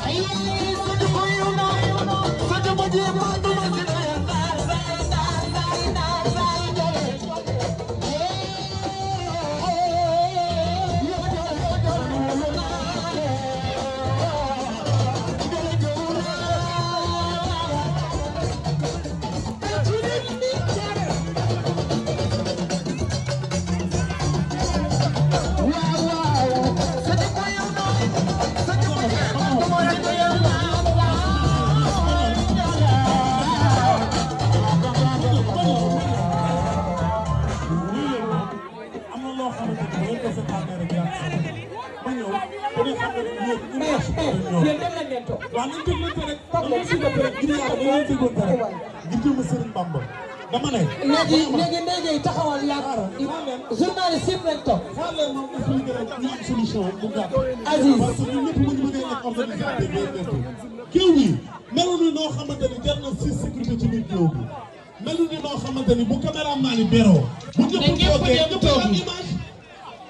Aí, yéen dem nañ leen toog. waaw nañ déglante rek. toog leen s'il vous plaît. ngir Serigne Bamba. dama ne. léegi léegi léegi taxawal yàgg. journaliste yëpp lañ toog. xaaral ma expliqué rek ñu am solution bu gàtt. Aziz parce que ñun ñëpp bu ñu bëggee nekk organisateur day def. kii bi melu ni noo xamante ni jar na si sécurité ci biir géew bi. melu ni noo xamante ni bu caméraman yi beroo. bu ñëpp toogee ñëpp am image.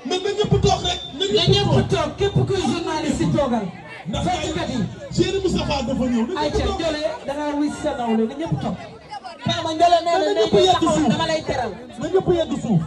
mais na ñëpp ñëpp toog képp kuy journaliste toogal. ndax fecckat yi. Cheikh Moustapha dafa ñëw. ayca Ndiolé da ngaa wuy sa nawle na ñëpp toog. Paa ma Ndiolé nee na ne ko taxaw dama lay teral. na ñëpp yegg suuf.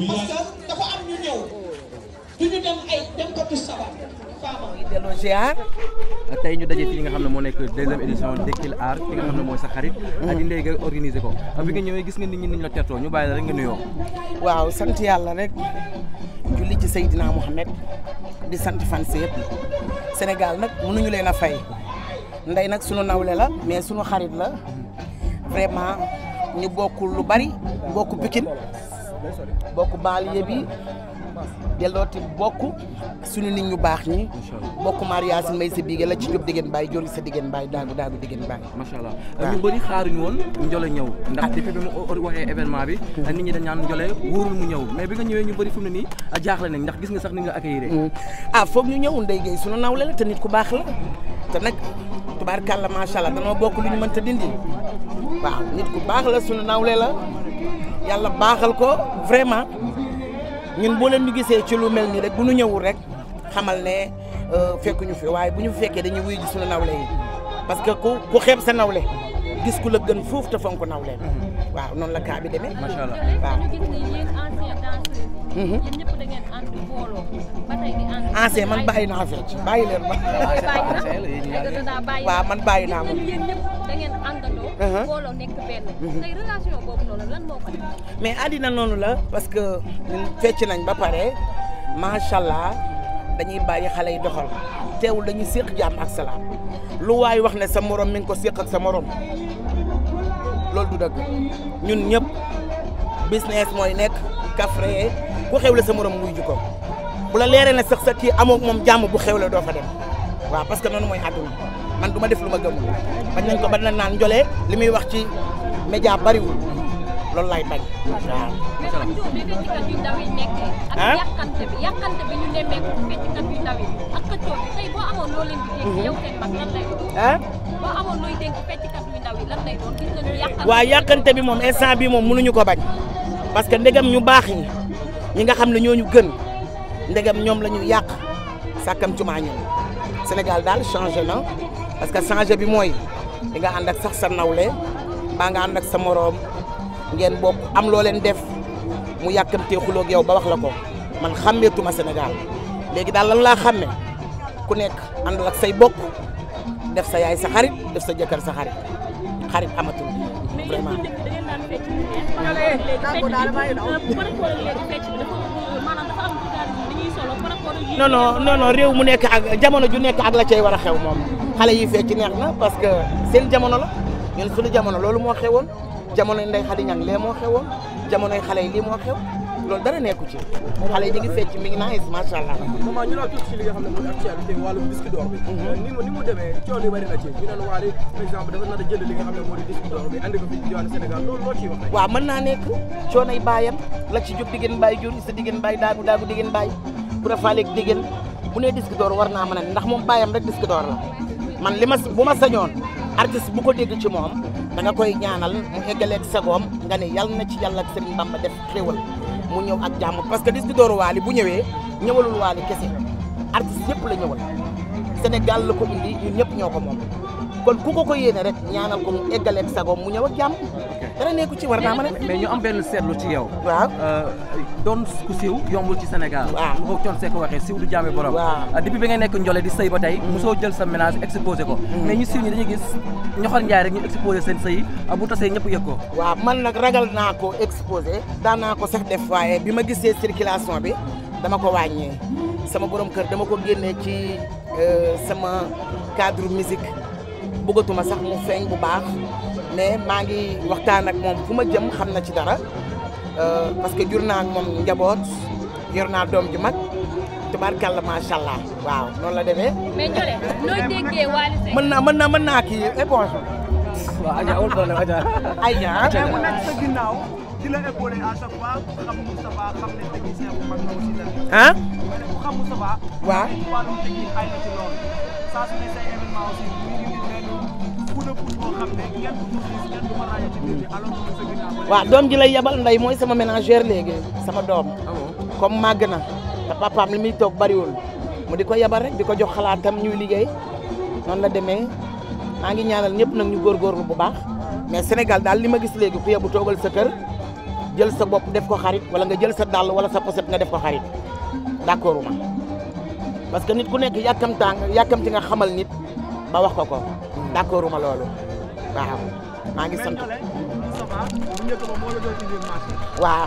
parce que ñu tey ñu daje fii nga xam ne moo nekk deuxième édition Dekkil Art ki nga xam ne mooy sa xarit mm-hmm. Adi Ndeye Gueye organisé ko bi nga ñëwee gis nga nit ñi niñ la tertoo ñu bàyyi la rek nga nuyoo waaw sant yàlla rek julli ci Seydina Mouhamed di sant fan si nag Sénégal nag mënuñu leen a fay ndey nag sunu nawle la mais sunu xarit la vraiment ñu bokkul lu bari bokku Pikine bokk banlieue bi dellooti bokk suñu nit ñu baax ñi bokk mariage may sa biige la ci jóg diggéen bàyyi jori sa diggéen bàyyi daagu daagu diggéen bàyyi macha allah ñu bëri xaaruñu woon njole ñëw ndax ah. depuis bi mu waxee événement bi hmm. nit ñi dañ naan ñëw mais bi nga ñëwee ñu bëri fu mu ne nii ah, jaaxle nañ ndax gis nga sax ni nga accueillir hmm. ah foog ñu ñëw Ndeye Gueye suñu nawle la te nit ku baax la te nag tubaarkàlla macha allah danoo bokk lu ñu mën ta waa waaw nit ku baax la suñu nawle la yàlla baaxal ko vraiment ñun boo leen ñu gisee ci lu mel rek bu nu ñëwul rek xamal ne euh, fekk ñu fi waaye bu ñu fekkee dañuy wuyu ji suñu nawle yi parce que ku ku xeeb sa nawle gis ku la gën foofu te fonk nawle mm-hmm. waaw noonu la cas bi demee. macha allah waaw. ancien ah, man bàyyi naa fecc bàyyi leen ma waaw man bàyyi naa uh-huh. mm-hmm. moom mais àddina noonu la parce que fecc nañ ba pare macha allah dañuy bàyyi xale yi doxal teewul dañuy séq jàmm ak salaam lu waay wax ne sa morom mi ko séq ak sa morom loolu du dëgg ñun ñëpp business mooy nekk kafre ku xewle sa morom wuy ju ko bu la leeree na sax sa kii amoo moom jàmm bu xewle doo fa dem waaw parce que noonu mooy àdduna man du ma def lu ma gëmul bañ nañ ko ba na naan njolee li muy wax ci média bariwul loolu lay bañ waaw. ah yàqante bi yàqante bi ñu moom instant bi moom mënuñu ko bañ. parce que ndegam ñu baax ñi ñi nga xam ne ñooñu gën ndegam ñoom la ñu yàq sàkkam cumaa ñoom Sénégal daal changé na parce que changé bi mooy di nga ànd ak sax sa nawle baa nga ànd ak sa moroom ngeen bokk am loo leen def mu yàkkamtee xuloo ak yow ba wax la ko man xàmmeetuma Sénégal léegi daal lan laa xàmme ku nekk àndal say bokk def sa yaay sa xarit def sa jëkkër sa xarit xarit amatul vraiment daan fecc bu neex réew mu nekk ak jamono ju nekk ak la cay war a xew moom xale yi fecc neex na parce que seen jamono la ñun suñu jamono loolu moo xewoon jamono Ndeye Khady Niang lee moo xewoon jamonoy xale yi lii moo xew loolu dara nekku ci xale yi la tuuti ci li nga xam ne mooy actualité wàllum disque d'or bi. Mhm. Euh, ni mu ne moo di waaw mën naa nekk coono yi baayam la ci jóg diggéen baay jur sa diggéen baay daagu daagu diggéen baay pour a faaleeg diggéen bu nee disque d'or war naa mën a ndax moom baayam rek disque d'or la man li ma bu ma sañoon artiste bu ko dégg ci moom da koy ñaanal mu eggaleeg sagoom nga ne yàlla na ci yàlla ak Sëriñ Bamba def xéwal mu ñëw ak jàmm parce que disque d'or Wally bu ñëwee ñëwalul Wally kese artiste yëpp la ñëwal Sénégal la ko indi ñun ñëpp ñoo ko moom kon ku ko ko yéene rek ñaanal ko mu eggaleeg sagoom mu ñëw ak jàmm. dara nekku ci war naa mën a. mais ñu am benn seetlu ci yow. waaw euh, doon ku siiw yombul ci Sénégal. waaw bu ko Thione Seck waxee siiw du jaame borom. waaw euh, depuis bi nga nekk Ndiolé di sëy ba tey. Mm-hmm. mosoo jël sa ménage exposé ko. Mm-hmm. mais ñu siiw ñi dañuy gis ñoxor njaay rek ñu exposé seen sëy euh, bu tasee ñëpp yëg ko. waaw man nag ragal naa ko exposé. daan naa ko sax def waaye bi ma gisee circulation bi dama ko wàññee sama borom kër dama ko génnee ci sama cadre musique bëggatuma sax mu feeñ bu baax maagi maa waxtaan ak moom fu ma jëm xam na ci dara euh, parce que jur naa moom njaboot yor naa doom ju mag te tubaarkàlla macha allah waaw noonu la demee. mais Ndiolé noo déggee Wally Seck. mën naa mën naa mën naa kii éponge. waaw Adja awul problème Adja. Adja mën naa di la doom ji lay yebal ndey mooy sama menager léegi sama doom. Ah comme màgg na te papaam li muy toog bariwul mu di ko yebal rek di ko jox xalaatam ñuy liggéey noonu la demee maa ngi ñaanal ñépp nag ñu góorgóorlu bu baax mais Sénégal daal li ma gis léegi ku yebu toogal sa jël sa bopp def ko xarit wala nga jël sa dàll wala sa poset nga def ko xarit d'accord ma que nit ku nekk yàkkamtaa yàkkamti nga xamal nit ba wax ko ko d'accord ma waaw maa ngi sant. waaw.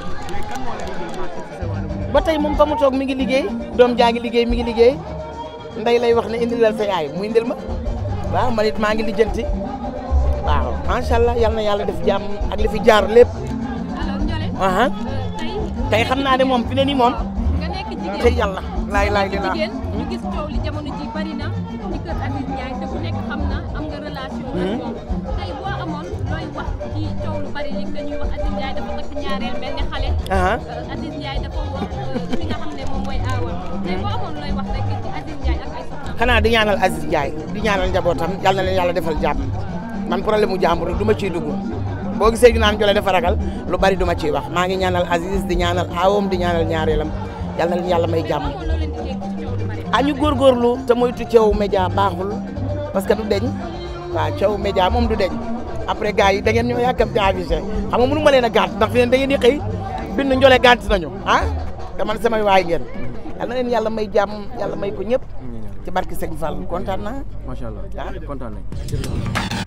ba tey moom mu toog mi ngi liggéey doom jaa ngi mi ngi liggéey ndey lay wax ne indil lal sa yaay mu ma waaw man it maa ngi lijjanti waaw macha allah yal na yàlla def jàmm ak li fi jaar lépp. tey xam naa ne moom fi ne nii moom. nga nekk jigéen tey yàlla. laay laay li ñu gis coow li jamono ji bari na ci kër Aziz Ndiaye te ku nekk xam na am nga relation. ak jaay hmm. tey boo amoon looy wax xale. Aziz euh, Ndiaye dafa wax li euh, nga xam ne moom mooy aawam. tey boo amoon looy wax rek ci Aziz Ndiaye ak ay soxnaam. di ñaanal Aziz Ndiaye di ñaanal njabootam yàlla le leen yàlla defal jàmm man problème mu jàmbur du ma ci dugg. boo gisee ñu naan Ndiolé dafa ragal lu bari duma ciy wax maa ngi ñaanal Aziz di ñaanal aawam di ñaanal ñaareelam yal na leen yàlla may jàmm. ah ñu góorgóorlu te moytu ceewu média baaxul parce que du deñ waaw ceewu média moom du deñ après gars yi da ngeen ñoo yàkkam te a xam nga mënu ma leen a gàtt ndax fi ngeen da ngeen di xëy bind Ndiolé gàtt nañu ah te man samay waay ngeen yal na leen yàlla may jàmm yàlla may ko ñëpp ci barke Sëñ Fall kontaan naa. macha allah ah. kontaan nañ.